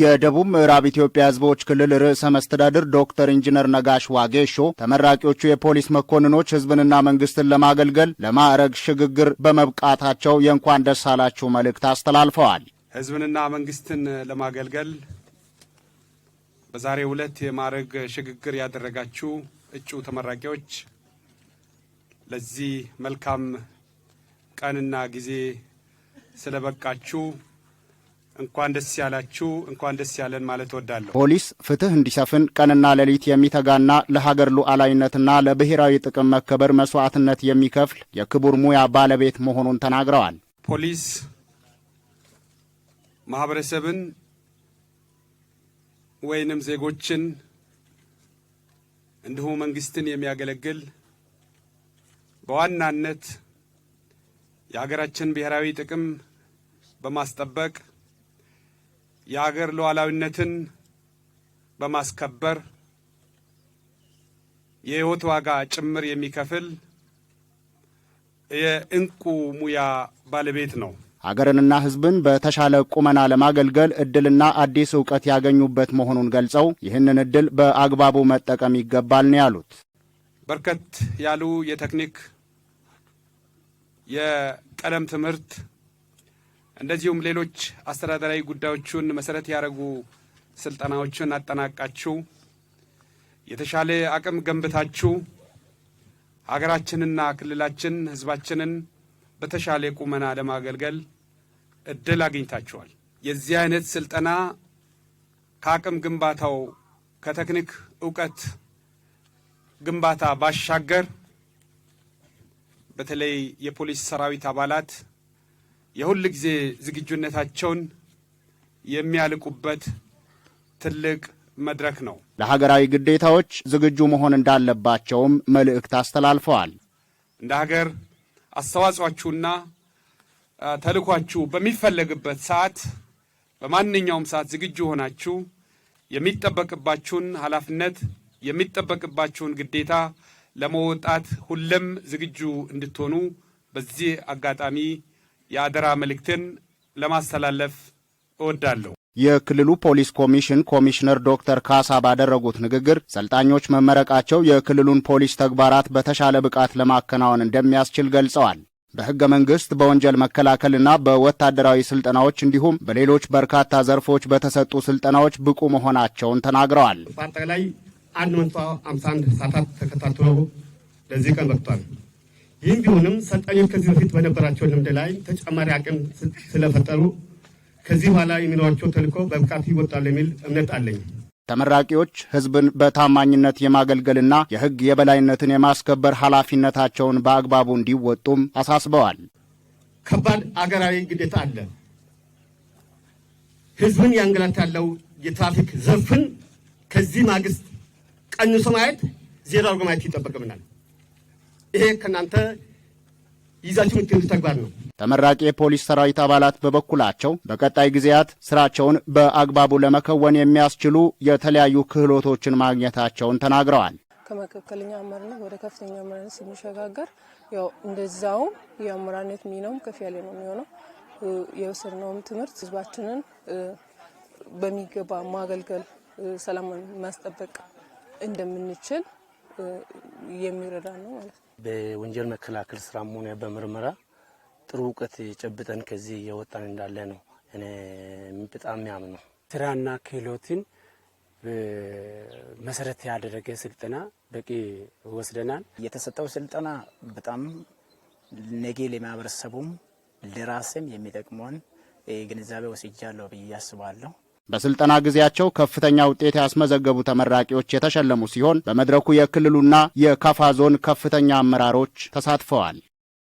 የደቡብ ምዕራብ ኢትዮጵያ ህዝቦች ክልል ርዕሰ መስተዳድር ዶክተር ኢንጂነር ነጋሽ ዋጌሾ ተመራቂዎቹ የፖሊስ መኮንኖች ህዝብንና መንግስትን ለማገልገል ለማዕረግ ሽግግር በመብቃታቸው የእንኳን ደስ አላችሁ መልእክት አስተላልፈዋል። ሕዝብንና መንግስትን ለማገልገል በዛሬው ዕለት የማዕረግ ሽግግር ያደረጋችሁ እጩ ተመራቂዎች ለዚህ መልካም ቀንና ጊዜ ስለበቃችሁ እንኳን ደስ ያላችሁ፣ እንኳን ደስ ያለን ማለት እወዳለሁ። ፖሊስ ፍትህ እንዲሰፍን ቀንና ሌሊት የሚተጋና ለሀገር ሉዓላዊነትና ለብሔራዊ ጥቅም መከበር መስዋዕትነት የሚከፍል የክቡር ሙያ ባለቤት መሆኑን ተናግረዋል። ፖሊስ ማህበረሰብን ወይንም ዜጎችን እንዲሁ መንግስትን የሚያገለግል በዋናነት የሀገራችን ብሔራዊ ጥቅም በማስጠበቅ የአገር ሉዓላዊነትን በማስከበር የሕይወት ዋጋ ጭምር የሚከፍል የእንቁ ሙያ ባለቤት ነው። ሀገርንና ሕዝብን በተሻለ ቁመና ለማገልገል እድልና አዲስ እውቀት ያገኙበት መሆኑን ገልጸው ይህንን እድል በአግባቡ መጠቀም ይገባል ነው ያሉት። በርከት ያሉ የቴክኒክ የቀለም ትምህርት እንደዚሁም ሌሎች አስተዳደራዊ ጉዳዮችን መሰረት ያደረጉ ስልጠናዎችን አጠናቃችሁ የተሻለ አቅም ገንብታችሁ ሀገራችንና ክልላችን ህዝባችንን በተሻለ ቁመና ለማገልገል እድል አግኝታችኋል። የዚህ አይነት ስልጠና ከአቅም ግንባታው ከቴክኒክ እውቀት ግንባታ ባሻገር በተለይ የፖሊስ ሰራዊት አባላት የሁል ጊዜ ዝግጁነታቸውን የሚያልቁበት ትልቅ መድረክ ነው። ለሀገራዊ ግዴታዎች ዝግጁ መሆን እንዳለባቸውም መልእክት አስተላልፈዋል። እንደ ሀገር አስተዋጽኦአችሁና ተልኳችሁ በሚፈለግበት ሰዓት በማንኛውም ሰዓት ዝግጁ ሆናችሁ የሚጠበቅባችሁን ኃላፊነት የሚጠበቅባችሁን ግዴታ ለመወጣት ሁለም ዝግጁ እንድትሆኑ በዚህ አጋጣሚ የአደራ መልእክትን ለማስተላለፍ እወዳለሁ። የክልሉ ፖሊስ ኮሚሽን ኮሚሽነር ዶክተር ካሳ ባደረጉት ንግግር ሰልጣኞች መመረቃቸው የክልሉን ፖሊስ ተግባራት በተሻለ ብቃት ለማከናወን እንደሚያስችል ገልጸዋል። በሕገ መንግሥት በወንጀል መከላከልና በወታደራዊ ስልጠናዎች እንዲሁም በሌሎች በርካታ ዘርፎች በተሰጡ ስልጠናዎች ብቁ መሆናቸውን ተናግረዋል። በአጠቃላይ 151 ሰዓታት ተከታትሎ ለዚህ ቀን በቅቷል። ይህም ቢሆንም ሰልጣኞች ከዚህ በፊት በነበራቸው ልምድ ላይ ተጨማሪ አቅም ስለፈጠሩ ከዚህ በኋላ የሚኖራቸው ተልኮ በብቃት ይወጣሉ የሚል እምነት አለኝ። ተመራቂዎች ሕዝብን በታማኝነት የማገልገልና የሕግ የበላይነትን የማስከበር ኃላፊነታቸውን በአግባቡ እንዲወጡም አሳስበዋል። ከባድ አገራዊ ግዴታ አለ። ሕዝብን ያንገላት ያለው የትራፊክ ዘርፍን ከዚህ ማግስት ቀንሶ ማየት ዜሮ አድርጎ ማየት ይጠበቅብናል። ይሄ ከእናንተ ይዛችሁ የምትሄዱት ተግባር ነው። ተመራቂ የፖሊስ ሰራዊት አባላት በበኩላቸው በቀጣይ ጊዜያት ስራቸውን በአግባቡ ለመከወን የሚያስችሉ የተለያዩ ክህሎቶችን ማግኘታቸውን ተናግረዋል። ከመካከለኛ አመራርነት ወደ ከፍተኛ አመራርነት ስንሸጋገር ያው እንደዛውም የአመራርነት ሚናውም ከፍ ያለ ነው የሚሆነው። የወሰድነውም ትምህርት ህዝባችንን በሚገባ ማገልገል፣ ሰላም ማስጠበቅ እንደምንችል የሚረዳ ነው ማለት ነው። በወንጀል መከላከል ስራም ሆነ በምርመራ ጥሩ እውቀት ጨብጠን ከዚህ እየወጣን እንዳለ ነው እኔ በጣም ያምነው። ስራና ክህሎትን መሰረት ያደረገ ስልጠና በቂ ወስደናል። የተሰጠው ስልጠና በጣም ነገ ለማህበረሰቡም ለራስም የሚጠቅመውን ግንዛቤ ወስጃለሁ ብዬ አስባለሁ። በስልጠና ጊዜያቸው ከፍተኛ ውጤት ያስመዘገቡ ተመራቂዎች የተሸለሙ ሲሆን በመድረኩ የክልሉና የካፋ ዞን ከፍተኛ አመራሮች ተሳትፈዋል።